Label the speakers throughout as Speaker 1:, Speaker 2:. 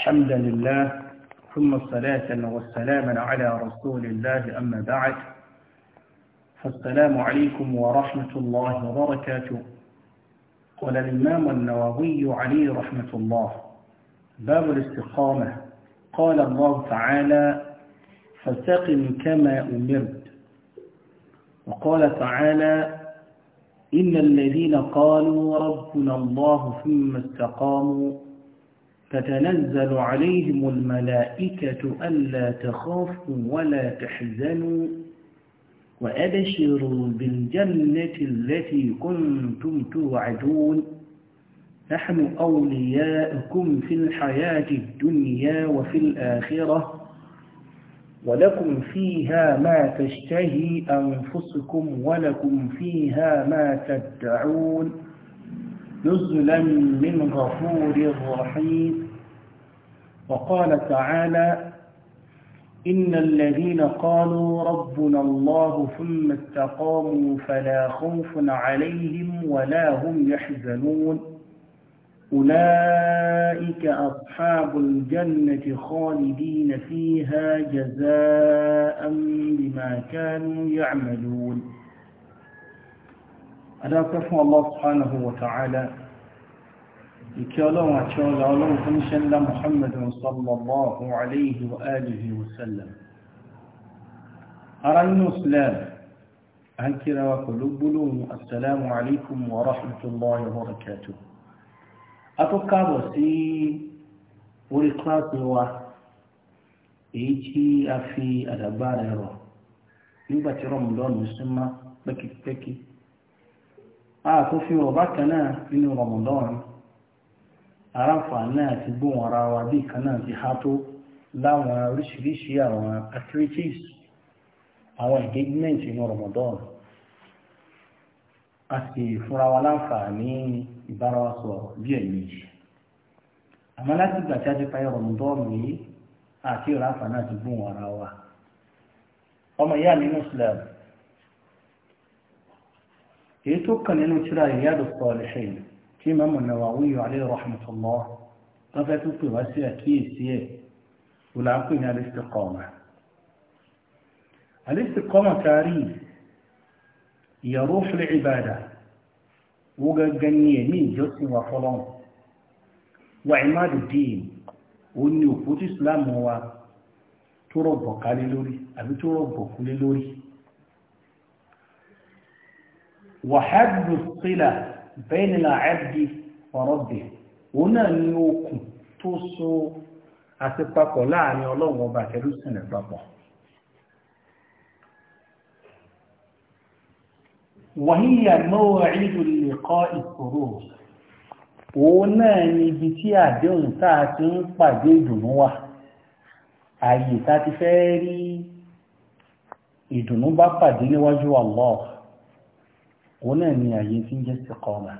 Speaker 1: الحمد لله ثم الصلاة والسلام على رسول الله أما بعد فالسلام عليكم ورحمة الله وبركاته قال الإمام النووي عليه رحمة الله باب الاستقامة قال الله تعالى فاستقم كما أمرت وقال تعالى إن الذين قالوا ربنا الله ثم استقاموا تتنزل عليهم الملائكة ألا تخافوا ولا تحزنوا وأبشروا بالجنة التي كنتم توعدون نحن أولياؤكم في الحياة الدنيا وفي الآخرة ولكم فيها ما تشتهي أنفسكم ولكم فيها ما تدعون نزلا من غفور رحيم وقال تعالى إن الذين قالوا ربنا الله ثم استقاموا فلا خوف عليهم ولا هم يحزنون أولئك أصحاب الجنة خالدين فيها جزاء بما كانوا يعملون adápẹ́ fún Allah subhanahu wa ta'ala ìkẹ́ ọlọ́run àti ọlọ́ ọlọ́run fún iṣẹ́ ńlá Muhammadun sallallahu alayhi wa alihi wa sallam ara nínú islam a ń kíra wa pẹ̀lú gbólóhùn assalamu alaikum wa rahmatullahi wa barakatuh a tó káàbọ̀ sí orí kíláàsì wa èyí tí a fi àdàgbà rẹ̀ rọ̀ nígbàtí rọ̀mùlọ́nù súnmọ́ pẹ́kipẹ́kí àtúnfi ah, ọ̀bá kan náà nínú rọmọdọ́rin aráǹfààní náà ti ara wa bí kan náà ti há tó láwọn oríṣiríṣi àwọn activities àwọn engagement nínú rọmọdọ́rin a sì fúnra wa láǹfààní ìbára wa sọ̀rọ̀ àmọ́ láti ìgbà tí a ti parí rọmọdọ́rin yìí àti ìrànfààní náà ti gbóhùn ara wa ọmọ ìyá mi èyí tó kàn nínú tíra Riyadu Salihin tí Imam Nawawi alayhi rahmatullah wọ́n fẹ́ tó pè wá sí àkíyèsí ẹ̀ wò là ń pè ní al-istiqama al-istiqama taari ya ruhul ibada wọ́n gangan ní ẹ̀mí ìjọsìn wà fọlọ́n wà ìmáàdù dín ó ní òkú tí wa tó rọ̀gbọ̀ kálé lórí àbí tó rọ̀gbọ̀ wàhádùn sílà bẹ́ẹ̀nìlà àbdi ọ̀rọ̀bì òun náà ní okùn tó so àti papọ̀ láàrin ọlọ́run ọba àtẹrúsìn rẹ̀ papọ̀. wàhíyà mọ́wọ́ ìlú lè kọ́ ìṣòro òun náà ni ibi tí àdéhùn tá a ti ń pàdé ìdùnnú wà ààyè tá a ti fẹ́ rí ìdùnnú bá pàdé níwájú Allah òun náà ni àyè tí ń jẹ́ istiqama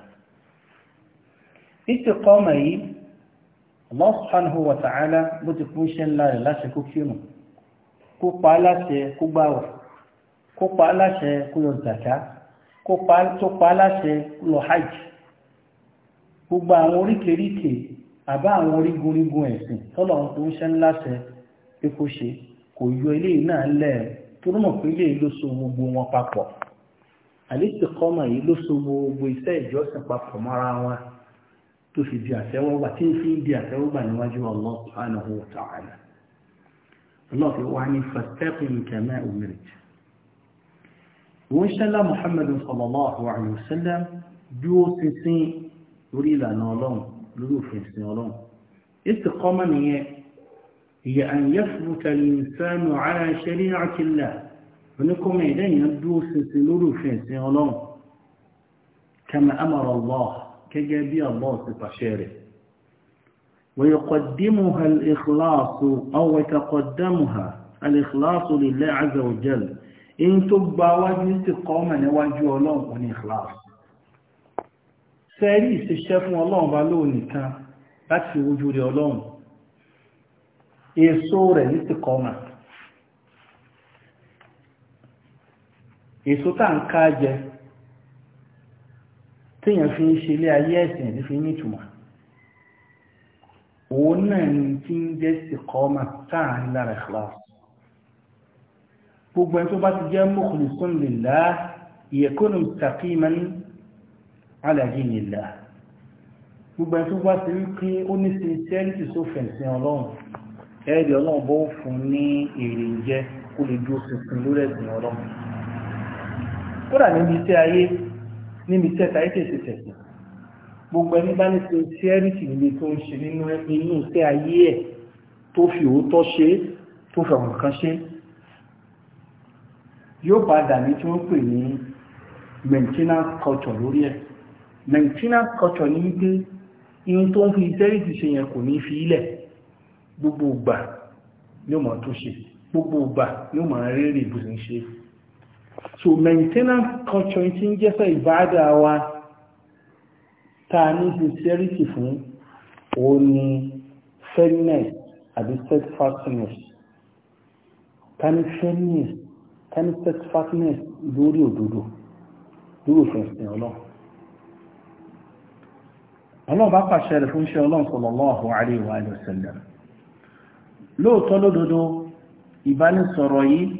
Speaker 1: istiqama yìí Allah subhanahu wa ta'ala bó ti fún iṣẹ́ ńlá rẹ̀ láṣẹ kó kírun kó pa láṣẹ kó gbàwọ̀ kó pa láṣẹ kó yọ zàká kó pa láṣẹ kó lọ hajj gbogbo àwọn oríkèríkè àbá àwọn orígunrígun ẹ̀sìn tọ́lọ̀ tó ń ṣẹ́ ńláṣẹ pé kó ṣe kò yọ ilé náà lẹ̀ tó rọ̀ pé ilé ló so gbogbo wọn papọ̀ àlẹ́sìkọ́mọ̀ yìí ló so gbogbo iṣẹ́ ìjọsìn papọ̀ mọ́ra wọn tó fi di àtẹ́wọ́gbà tí ń fi ń di àtẹ́wọ́gbà níwájú Allah subhanahu wa ta'ala Allah fi wá ní fastaqim kama umirt wọ́n ṣẹlá Muhammadu sallallahu alayhi wa sallam bí ó ti sin lórí ìlànà ọlọ́run lórí òfin sin ọlọ́run oníkọ́mọ ẹ̀dá èèyàn dúró ṣinṣin lórí òfin ẹ̀sìn ọlọ́run kama amara Allah gẹ́gẹ́ bí Allah ti pàṣẹ rẹ̀ ويقدمها الإخلاص أو يتقدمها الإخلاص لله عز وجل إن تبا وجه استقامة نواجه الله ون إخلاص sẹ́rí ìṣẹ́ṣẹ́ fún ọlọ́run bá lóò nìkan láti fi rẹ̀ ọlọ́run èso rẹ̀ ní tìkọ́mà èso tá ń ká jẹ tíyàn fi ń ṣe ilé ayé ẹ̀sìn ní fi ní ìtumọ̀ òun náà ni tí ń jẹ́ ìkọ́ọ́mà táàrin lára ikhlas gbogbo ẹni tó bá ti jẹ́ mukhlisun lillah yakunu mustaqiman ala dinillah gbogbo ẹni tó bá ti rí pé ó ní sincerity sófin sí ọlọ́run ẹ̀ẹ́dì ọlọ́run bó fún ní èrè jẹ́ kó lè dúró tuntun lórí ẹ̀sìn ọlọ́run kódà níbi iṣẹ́ ayé níbi iṣẹ́ tàyé tètè tẹ̀sán gbogbo ẹni bá ní ṣe ṣẹ́rìtì níbi tó ń ṣe nínú inú iṣẹ́ ayé ẹ̀ tó fi òótọ́ ṣe tó fi ọ̀rùn kan ṣe yóò padà ní tí wọ́n pè ní maintenance culture lórí ẹ̀ maintenance culture ní wípé ihun tó ń fi ṣẹ́rìtì ṣe yẹn kò ní fi ilẹ̀ gbogbo ìgbà ni ó máa tó ṣe gbogbo ìgbà ni ó máa rẹ́rìn ìbùsùn ṣe so maintenance culture ti ń jẹ́sẹ̀ ìbáadà wa ta ní sincerity fún o ní fairness àbí steadfastness ta ní fairness ta ní steadfastness lórí òdodo lórí òfin ìsìn ọlọ́run ọlọ́run bá pàṣẹ rẹ̀ fún iṣẹ́ ọlọ́run sallallahu alaihi wa sallam lóòótọ́ lódodo ìbánisọ̀rọ̀ yìí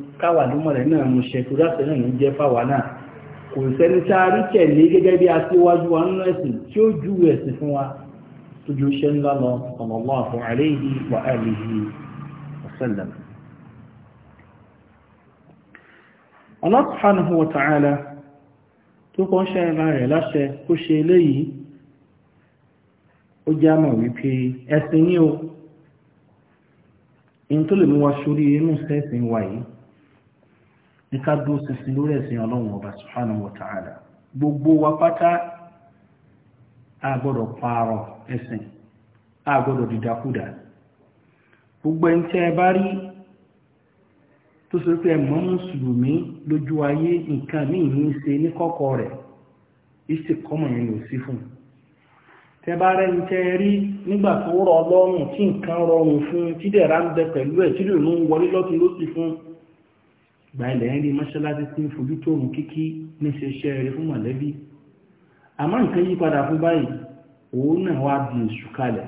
Speaker 1: káwà lúmọ̀ rẹ̀ náà mú ṣe tó dáṣẹ́ ní jẹ́ fáwà náà kò sẹ́ni a rí gẹ́gẹ́ bí aṣíwájú wa nínú ẹ̀sìn tí ó ju ẹ̀sìn fún wa tó ju ṣe ńlá lọ alihi wa sallam. Allah ta'ala tó kọ́ o ní ká dúró ṣinṣin lórí ẹ̀sìn ọlọ́run ọba subhanahu wa ta'ala gbogbo wa pátá a gbọ́dọ̀ pààrọ̀ ẹ̀sìn a gbọ́dọ̀ dìdàkudà gbogbo ẹni tẹ́ ẹ bá rí tó sọ pé ẹ̀mọ́ mùsùlùmí lójú ayé nǹkan míì ní í ṣe ní kọ́kọ́ rẹ̀ ìsìnkọ́mọ̀ yẹn ló sí fún un tẹ́bá rẹ̀ ń tẹ́ rí nígbà tó rọ̀ lọ́rùn tí nǹkan rọrùn fún tí dẹ̀ra ń bẹ pẹ̀lú ẹ̀ tí lè mú wọlé lọ́tún ló sì fún gba ilẹ̀ ń tí ń fojú tóòrùn kíkí níṣẹ́ iṣẹ́ rere fún mọ̀lẹ́bí àmọ́ nǹkan yí padà fún báyìí òun náà wá di èṣù kalẹ̀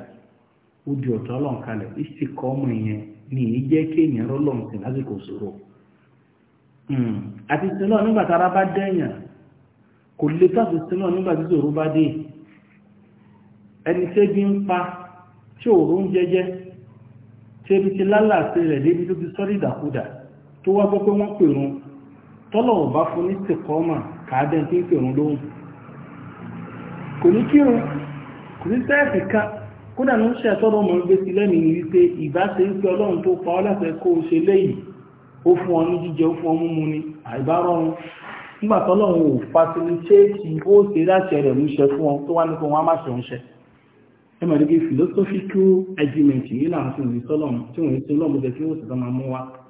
Speaker 1: ó di ọ̀tọ̀ ọlọ́run kalẹ̀ ìsì kọ́ ọmọ ni èyí jẹ́ rọ́lọ́run sí lásìkò ṣòro hmm. àti nígbà tára bá dẹ́yàn kò lè tàbí nígbà tí bá dé ẹni ń pa tí jẹ́jẹ́ ti rẹ̀ débi tó ti sọ́rí ìdàkudà tó wá gbọ́ pé wọ́n pèrún tọ́lọ̀ ọ̀bá fún ní tìkọ́mà kàádẹ́ tí ń pèrún lóhùn kò ní kírun kò ní sẹ́ẹ̀fì ká kódà ní ṣe àtọ́rọ̀ ọmọ gbé sí lẹ́nu wípé ìbá ń ọlọ́run tó pa ọ́ kó léyìí ó fún ọ ní jíjẹ ó fún ọ múmu ni nígbà tọ́lọ́run ó ṣe múṣẹ fún ọ sì máa mú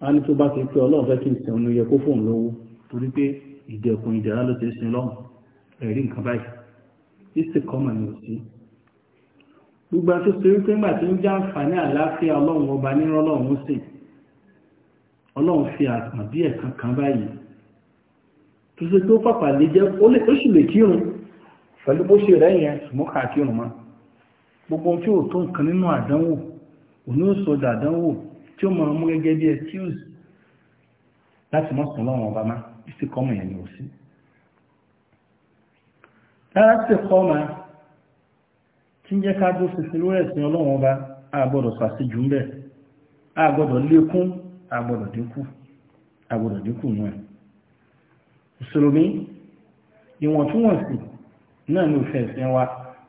Speaker 1: á ní tó bá ti pé ọlọ́run fẹ́ kí n sìn òun yẹ kó fóun lówó torí pé ìdẹ̀kùn ìdẹ̀rá ló ti sin lọ́hùn ẹ̀rí nǹkan báyìí ìsì kọ́mọ̀ ni ò sí. gbogbo àti sọ wípé ńgbà tí ń já àǹfààní àlàáfíà ọlọ́run ọba ní ọlọ́run sì ọlọ́run fi àtàn bí ẹ̀kan kan báyìí tó ṣe tó pàpà lè jẹ́ ó sì lè kírun pẹ̀lú bó ṣe rẹ̀ yẹn ṣùgbọ́n kà mọ́ gbogbo ohun tí ò tó nǹkan nínú àdánwò òní ò sọ tí ó máa mú gẹ́gẹ́ bí excuse láti mọ́ sùn lọ́wọ́ ọba má títí kọ́mọ̀ yẹn ni ò sí. lára sì kọ́mà tí ń jẹ́ ká dó sísí lórí ẹ̀sìn ọlọ́wọ́ ọba àgbọ̀dọ̀ sàṣì jù ń bẹ̀ àgbọ̀dọ̀ lékún àgbọ̀dọ̀ dínkù àgbọ̀dọ̀ dínkù nù ẹ̀. ìṣòlòmí ìwọ̀ntúnwọ̀nsì náà ni òfin ẹ̀sìn wa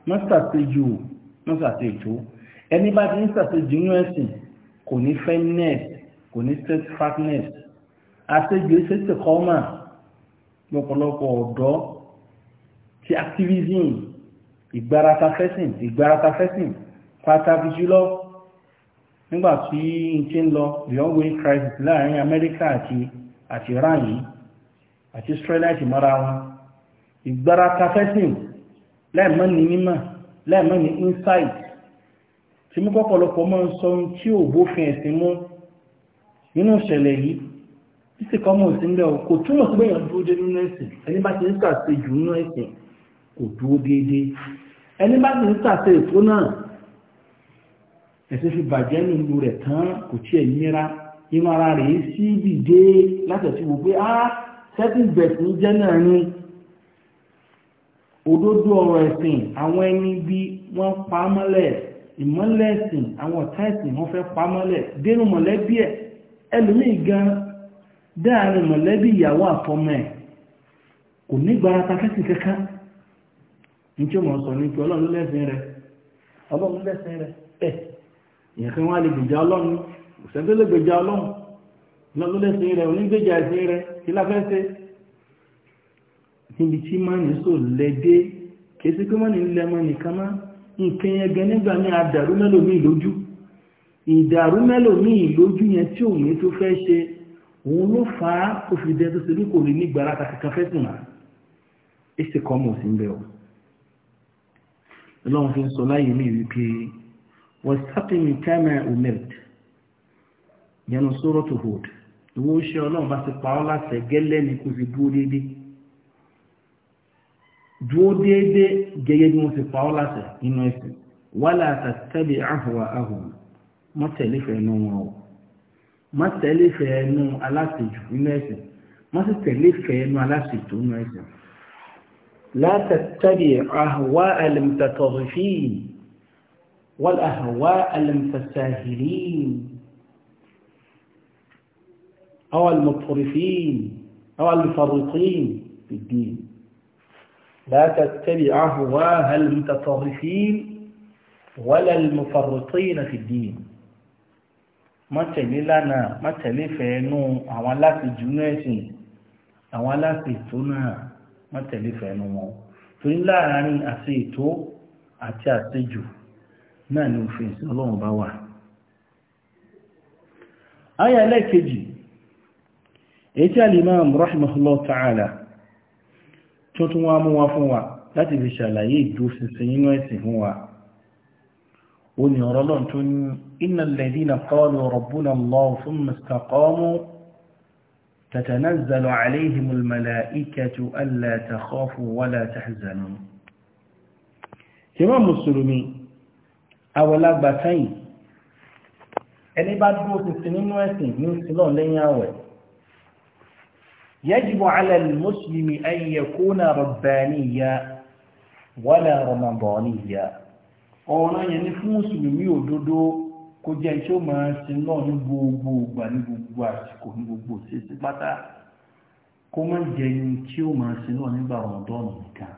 Speaker 1: mọ́sàtẹ́jù mọ́sàtẹ́jù ẹni bá ti ń sàṣì jù ń ẹ̀sìn kò ní firmness kò ní steadfastness àṣejù ẹsẹ̀tẹ̀ kọ́mà lọ́pọ̀lọpọ̀ ọ̀dọ́ ti activism ìgbárata fẹ́sìn ìgbárata fẹ́sìn pàtàkì jùlọ nígbà tí n ti ń lọ beyond way crisis láàrin Amẹ́ríkà àti àti Iran yìí àti Israelite mọ́ra wọn ìgbárata fẹ́sìn láìmọ́ ní mímọ̀ láìmọ́ ní insight tí mú kọ́pọ̀lọpọ̀ máa ń sọ tí ò bófin ẹ̀sìn mú nínú ìṣẹ̀lẹ̀ yìí títí kan mọ̀ sí ilẹ̀ kò túmọ̀ sí bẹ́yàn dúró dé nínú ẹ̀sìn ẹni bá ti ń sàṣe jù nínú ẹ̀sìn kò dúró déédéé ẹni bá ti ń sàṣe ètò náà ẹ̀sìn fi bàjẹ́ nínú rẹ̀ tán kò tí ẹ̀ nira inú ara rẹ̀ sí dìde látẹ̀sí wò pé ah sẹ́tìn bẹ̀sìn jẹ́ náà ni òdodo ọ̀rọ̀ ẹ̀sìn àwọn ẹni bí wọ́n pa á mọ́lẹ̀ ìmọ́lẹ̀ ẹ̀sìn àwọn ọ̀tá ẹ̀sìn wọ́n fẹ́ pamọ́lẹ̀ dénú mọ̀lẹ́bí ẹ̀ ẹlòmíì gan dáàrin mọ̀lẹ́bí ìyàwó àfọmọ́ ẹ̀ kò ní gbára takẹ́sì kankan ní tí ó mọ̀ sọ ní pé ọlọ́run lẹ́sìn rẹ̀ ọlọ́run lẹ́sìn rẹ̀ ẹ̀ ìyẹn kí wọ́n á lè gbèjà ọlọ́run òṣèlú lè gbèjà ọlọ́run ọlọ́run lẹ́sìn rẹ̀ onígbèjà ẹ̀sìn rẹ̀ kí la fẹ́ ṣe níbi tí mọ́ni sò lẹ́dẹ́ kì í sí pé mọ́ni lẹ́mọ́ nìkan máa nǹkan yẹn gan nígbà ní àdàrú mẹ́lòmí lójú ìdàrú mẹ́lòmí lójú yẹn tí òun tó fẹ́ ṣe òun ló fà á kò fi dẹ́ tó ṣe bí kò rí ní gbàrà kankan fẹ́ sùn náà èsì kọ́ mọ̀ sí bẹ́ẹ̀ o ọlọ́run fi ń sọ láyé mi wípé wọ́n sápẹ́mi kámẹ́ omerit yẹnu sọ́rọ́ tó hòd ìwọ́n ṣe ọlọ́run bá ti pa ọ́ láṣẹ gẹ́lẹ́ ni kò fi dúró déédéé dúó déédé gẹ́gẹ́ bí wọ́n ti pa ọ́ láṣẹ nínú ẹ̀sìn wala tattabi ahwaahum má tẹ̀lé fẹ́ẹ́nu wọn o má tẹ̀lé fẹ́ẹ́nu aláṣejù nínú ẹ̀sìn má sì tẹ̀lé fẹ́ẹ́nu aláṣejù nínú ẹ̀sìn. la tattabi ahwaa al-mutatarrifin wal ahwaa al-mutasahilin لا تتبع أهواها المتطرفين ولا المفرطين في الدين má tẹ̀lé lánàá má tẹ̀lé fẹ́ẹ́nú àwọn aláṣejù náà ẹ̀sìn àwọn aláṣètò náà má tẹ̀lé fẹ́ẹ́nú wọn torí láàárín àti ètò àti àṣejù náà ni òfin ìsìn ọlọ́run bá wà. àyà ẹlẹ́ẹ̀kejì èyí ta'ala tó tún wá mú wọn fún wa láti fi ṣàlàyé ìdúróṣinṣin nínú ẹ̀sìn fún wa ó ní ọ̀rọ̀ lọ́n tó ní innal ladhina qalu rabbuna Allah thumma istaqamu تتنزل عليهم الملائكة ألا تخافوا ولا تحزنوا Imam Mùsùlùmí awela gbatayin ẹni bá dúró ṣinṣin nínú ẹ̀sìn ní sílọ̀ lẹ́yìn àwẹ̀ يجب على المسلم أن يكون ربانيا ولا رمضانيا ọ̀ràn yẹn ni fún mùsùlùmí òdodo kó jẹ́ tí ó máa ṣe náà ní gbogbo ìgbà ní gbogbo àsìkò ní gbogbo ṣíṣe pátá kó má jẹ́ ní tí ó máa ṣe náà nígbà rọ̀mọ̀dọ́nù nìkan.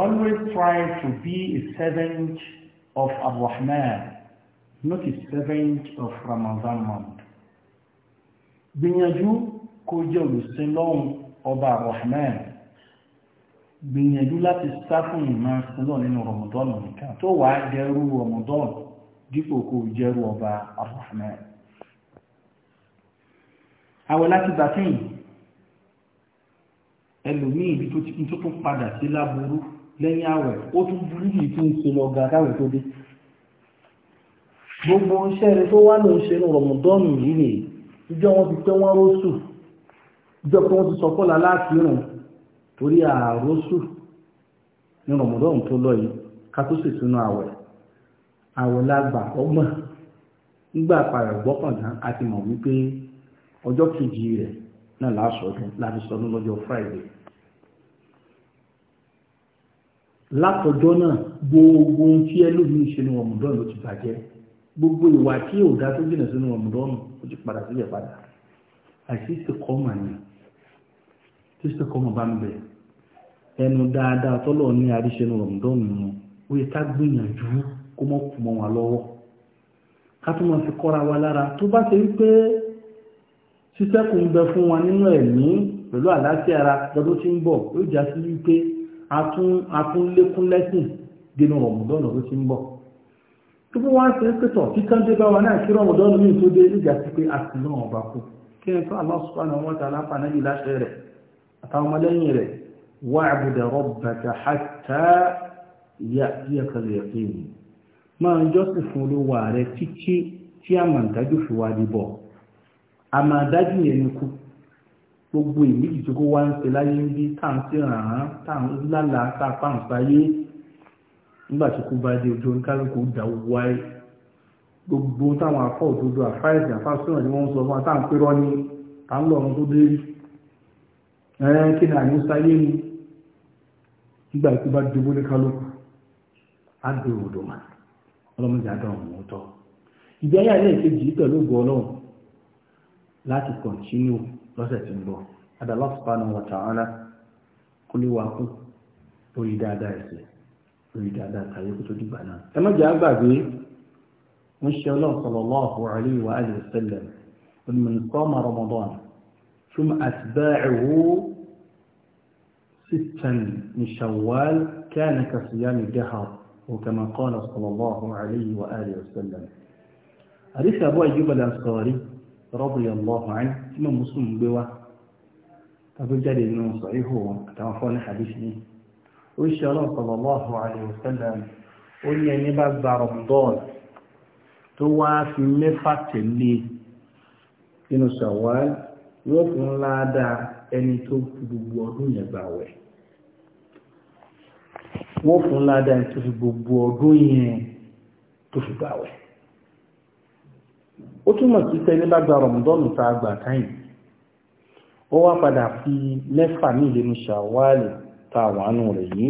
Speaker 1: always try to be a servant of ar not a servant of Ramadan month gbìyànjú kó jẹ́ olùsìn lọ́hùn ọba rahman gbìyànjú láti sá fún ìmọ̀ sílọ̀ nínú rọmọdọ́nù nìkan tó wà á dẹrú rọmọdọ́nù dípò kó jẹ́rú ọba rahman àwọn láti bàtín ẹlòmíì ibi tó tún padà sí láburú lẹ́yìn àwẹ̀ ó tún burú yìí tó ṣe lọ ga káwẹ̀ tó dé gbogbo iṣẹ́ rẹ̀ tó wá ló ń rọmọdọ́nù yìí ìjọ wọn ti pé wọ́n rósù ìjọ pé wọ́n ti sọ kọ́lá láti rùn torí àrósù ní rọ̀mọ̀dọ́n tó lọ yìí ká tó sì sínú àwẹ̀ àwẹ̀ lágbà ọgbọ̀n nígbà àpàrẹ̀ gbọ́kànlá a ti mọ̀ wípé ọjọ́ kejì rẹ̀ náà lásọdún láti sọdún lọ́jọ́ Friday látọjọ́ náà gbogbo ohun tí ẹlòmíín ṣe ní rọ̀mọ̀dọ́n ló ti bàjẹ́ gbogbo ìwà tí ò dá tó jìnà sínú ọmọdọ́nù ó ti padà síbẹ̀ padà àìsí ìsìnkọ́mà ni tí ìsìnkọ́mà bá ń bẹ̀ ẹnu dáadáa tọ́lọ̀ ní àríṣe ní ọmọdọ́nù wọn ó yẹ ká gbìyànjú kó mọ́ kù mọ́ wa lọ́wọ́ ká tó máa fi kọ́ra wa lára tó bá ṣe wípé ṣíṣẹ́kù ń bẹ fún wa nínú ẹ̀mí pẹ̀lú àlàáfíà ara lọ́dún tí ń bọ̀ ó jà sí wípé a tún lékún lẹ́sìn dénú ọmọdọ́nù tó ti ń tó bí wọ́n ṣe ń pẹ̀tọ̀ kíkan dé bá wa náà kí rọ̀mù dọ́nù ní tó dé nígbà sí pé a sì náà ọba kú kí n tó Allah subhanahu wa ta'ala náà láṣẹ rẹ̀ àtàwọn ọmọlẹ́yìn rẹ̀ wà àbùdà rabbaka hatta ya'tiyaka al-yaqin máa ń jọ́sìn fún olówó rẹ̀ títí tí a máa dájú fi wá dìbọ̀ a máa dájú yẹn ní kú gbogbo ìmíjì tó kó wá ń ṣe láyé ń bí táà ń ṣèrànràn táà ń lálàá táà pàǹsáyé nígbà tí kú bá dé ojú oníkálukú dà wáyé gbogbo táwọn afọ òdodo àfáìsì àfáàsùnà ni wọn sọ fún àtà ní ta ń lọ ọ̀run tó dé rí na kí ni àyín sáyé ni nígbà ikú bá dúró ní kálukú á dé òdò mà ọlọ́mọdé àdá ọ̀hún ó ìgbé ayé ìkejì láti tí ń lórí dáadáa tàyé kó tó dìgbà náà. ẹ má jẹ́ àgbàgbé ń ṣe ọlọ́run sallallahu alayhi wa sẹ́lẹ̀ alihi wa sallam man sama Ramadan thumma atba'ahu sittan min Shawwal kana ka siyami dahr وكما قال صلى الله عليه وآله وسلم حديث أبو أيوب الأنصاري رضي الله عنه إمام مسلم بوا أبو جاري إنه صحيح هو كما ni. ó ṣe ọlọ́run sallallahu alaihi wasallam ó ní ẹni bá gba rọ̀mùdọ́ọ̀lù tó wá fi mẹ́fà tẹ̀lé nínú Ṣawwal yóò fún ládàá ẹni tó gbogbo ọdún yẹn gbà wẹ̀ wọ́n fún ládàá ẹni tó fi gbogbo ọdún yẹn tó fi gbà wẹ̀ ó túmọ̀ sí pé ní bá gba rọ̀mùdọ́ọ̀nù tá a gbà káyìn ó wá padà fi mẹ́fà ní ìlénu ṣàwálì tá a wàánu yi yìí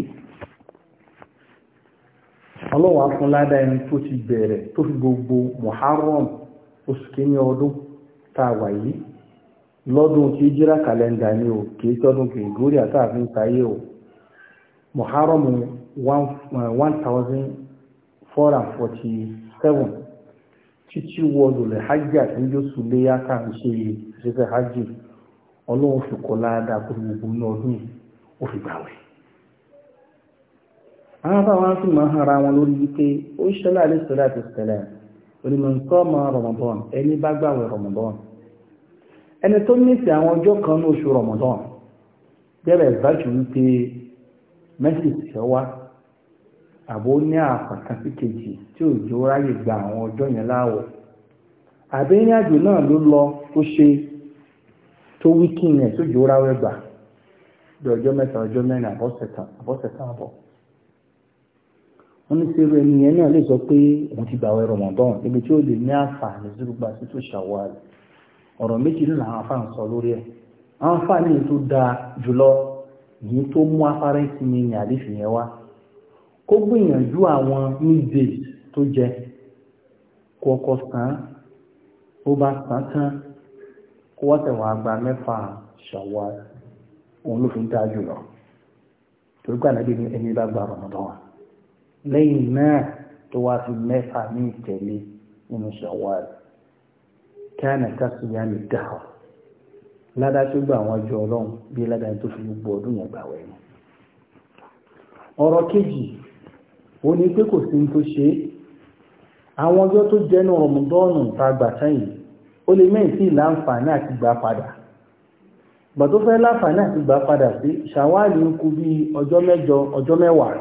Speaker 1: ọlọ́wọ́ afúnládá ẹni tó ti bẹ̀rẹ̀ tó fi gbogbo Muharram oṣù kìíní ọdún tá wà yìí lọ́dún tí jíra o kìí tọ́dún Gregorian àtàfin sáyé o Muharram one eh, thousand four and forty seven le hajj hajj fi gbogbo ó fi gbàwẹ̀ àwọn bá wọn sì máa hara wọn lórí wípé ó ṣẹlẹ̀ àlẹ́ sọ́lá àti sẹ́lẹ̀ onímọ̀ǹkọ́ ma rọ̀mọ̀dán ẹni bá gbàwẹ̀ rọ̀mọ̀dán ẹni tó nífẹ̀ẹ́ àwọn ọjọ́ kan ní oṣù rọ̀mọ̀dán bẹ̀rẹ̀ ìbájú wípé mẹ́sì ṣẹ́wá àbó ní àpàkàsí kejì tí ò jẹ́ ráyè gba àwọn ọjọ́ yẹn láwọ̀ àbẹ́rìn àjò náà ló lọ tó ṣe tó wíkì yẹn tó jẹ́ ráwẹ́ gbà bí ọjọ́ mẹ́ta ọjọ́ mẹ́rin àbọ̀sẹ̀tàn àbọ̀sẹ̀tàn àbọ̀ wọ́n ní sọ pe òun ti ibi tí ó lè ní àǹfààní sí to àtúntò ọrụ ọ̀rọ̀ méjì nínú àwọn afá ń sọ lórí ẹ̀ àǹfààní yi dáa jùlọ yìí tó mú afárá òun ló fi ń ta jùlọ torí pé ànábì ní ẹni bá gba Ramadan lẹ́yìn náà tó wá fi mẹ́fà ní ìtẹ̀lé nínú Shawwal kánà kásìyá ní dáhà ládá tó gba àwọn ọjọ́ ọlọ́run bí ládá tó fi gbogbo ọdún yẹn gbà wẹ̀ ni. ọ̀rọ̀ kejì ó ní pé kò sí ní tó ṣe é àwọn ọjọ́ tó jẹ́nu Ramadan tá a gbà sáyìn ó lè mẹ́yìn sí ìlànfààní àti gbà padà gbà tó fẹ́ láǹfààní àti gbà padà sí ṣàwáàlì ń kú bí ọjọ́ mẹ́jọ ọjọ́ mẹ́wàá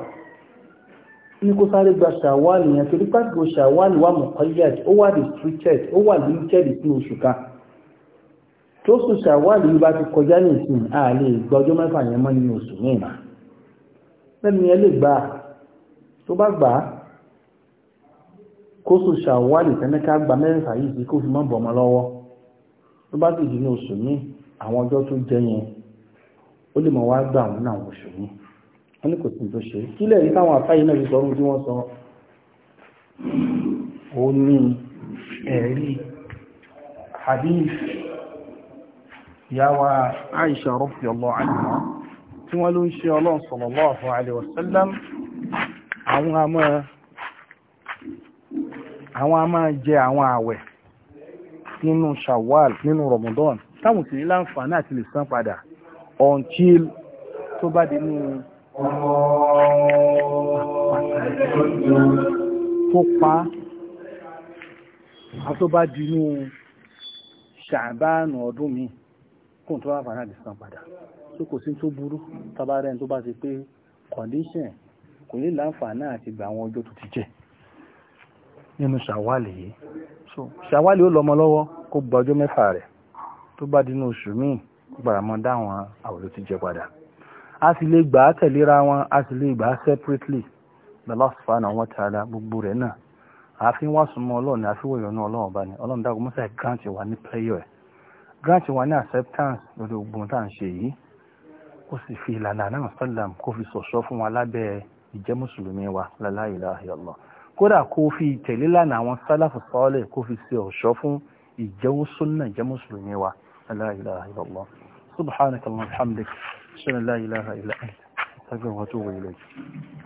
Speaker 1: ní kó sáré gba ṣàwáàlì yẹn torí pàtàkì ṣàwáàlì wà mọ̀kọ́yẹ́t ó wà restricted ó wà limited sí oṣù ká tó sùn ṣàwáàlì yìí bá ti kọjá ní ìsìn àlè gba ọjọ́ mẹ́fà yẹn mọ́ nínú oṣù mìíràn lẹ́nu yẹn lè gbà tó bá gbà kó sùn ṣàwáàlì tẹ́mẹ́ká gba mẹ́fà yìí sí kó fi mọ́ bọ̀mọ́ lọ́wọ́ tó bá sì di ní oṣù mìíràn àwọn ọjọ́ tó jẹ yẹn ó lè mọ̀ wá gbà wọn náà wọ́n ṣò ní wọ́n ní kò sí tó ṣe sílẹ̀ rí táwọn afáyé náà fi sọrun tí wọ́n sọ ó ní ẹ̀rí hadith ìyáwá Aisha radiyallahu anha tí wọ́n ló ń ṣe ọlọ́run sallallahu alaihi wasallam àwọn a máa jẹ àwọn àwẹ̀ nínú shawwal nínú ramadan táwọn sì ní láǹfààní àti lè san padà until tó bá di ní tó pa á tó bá di ní ṣàbánu ọdún mi kóhùn tó láǹfààní àti san padà tó kò sí tó burú tábàárẹ̀ tó bá ti pé condition kò ní láǹfààní àti gbà àwọn ọjọ́ tó ti jẹ́ nínú ṣàwálì yìí ṣàwálì ó lọ́mọ lọ́wọ́ kó gba mẹ́fà rẹ̀ tó bá dínú oṣù míì gbàrà mọ́ dáwọn àwẹ̀ ló ti jẹ padà a sì lè gbà á tẹ̀léra wọn a sì lè gbà á separately Allah subhanahu wa ta'ala gbogbo rẹ̀ náà àfi wá súnmọ́ ọlọ́run ní àfiwọ̀ ìyọ̀nù ọlọ́run bá ní ọlọ́run dákun mọ́sá grant wa ní prayer grant wa ní acceptance lórí ogun tá à ń ṣe yìí ó sì fi ìlànà náà sọ́làm kó fi sọ̀ṣọ́ fún wa lábẹ́ ìjẹ́ mùsùlùmí wa la ilaha illallah kódà kó fi tẹ̀lé lánàá àwọn sálàfù sọ́ọ̀lẹ̀ kó fi ṣe ọ̀ṣọ́ fún ìjẹ́wó sunna ìjẹ́ mùsùlùmí wa لا إله إلا الله سبحانك اللهم وبحمدك أشهد أن لا إله إلا أنت أستغفرك وأتوب إليك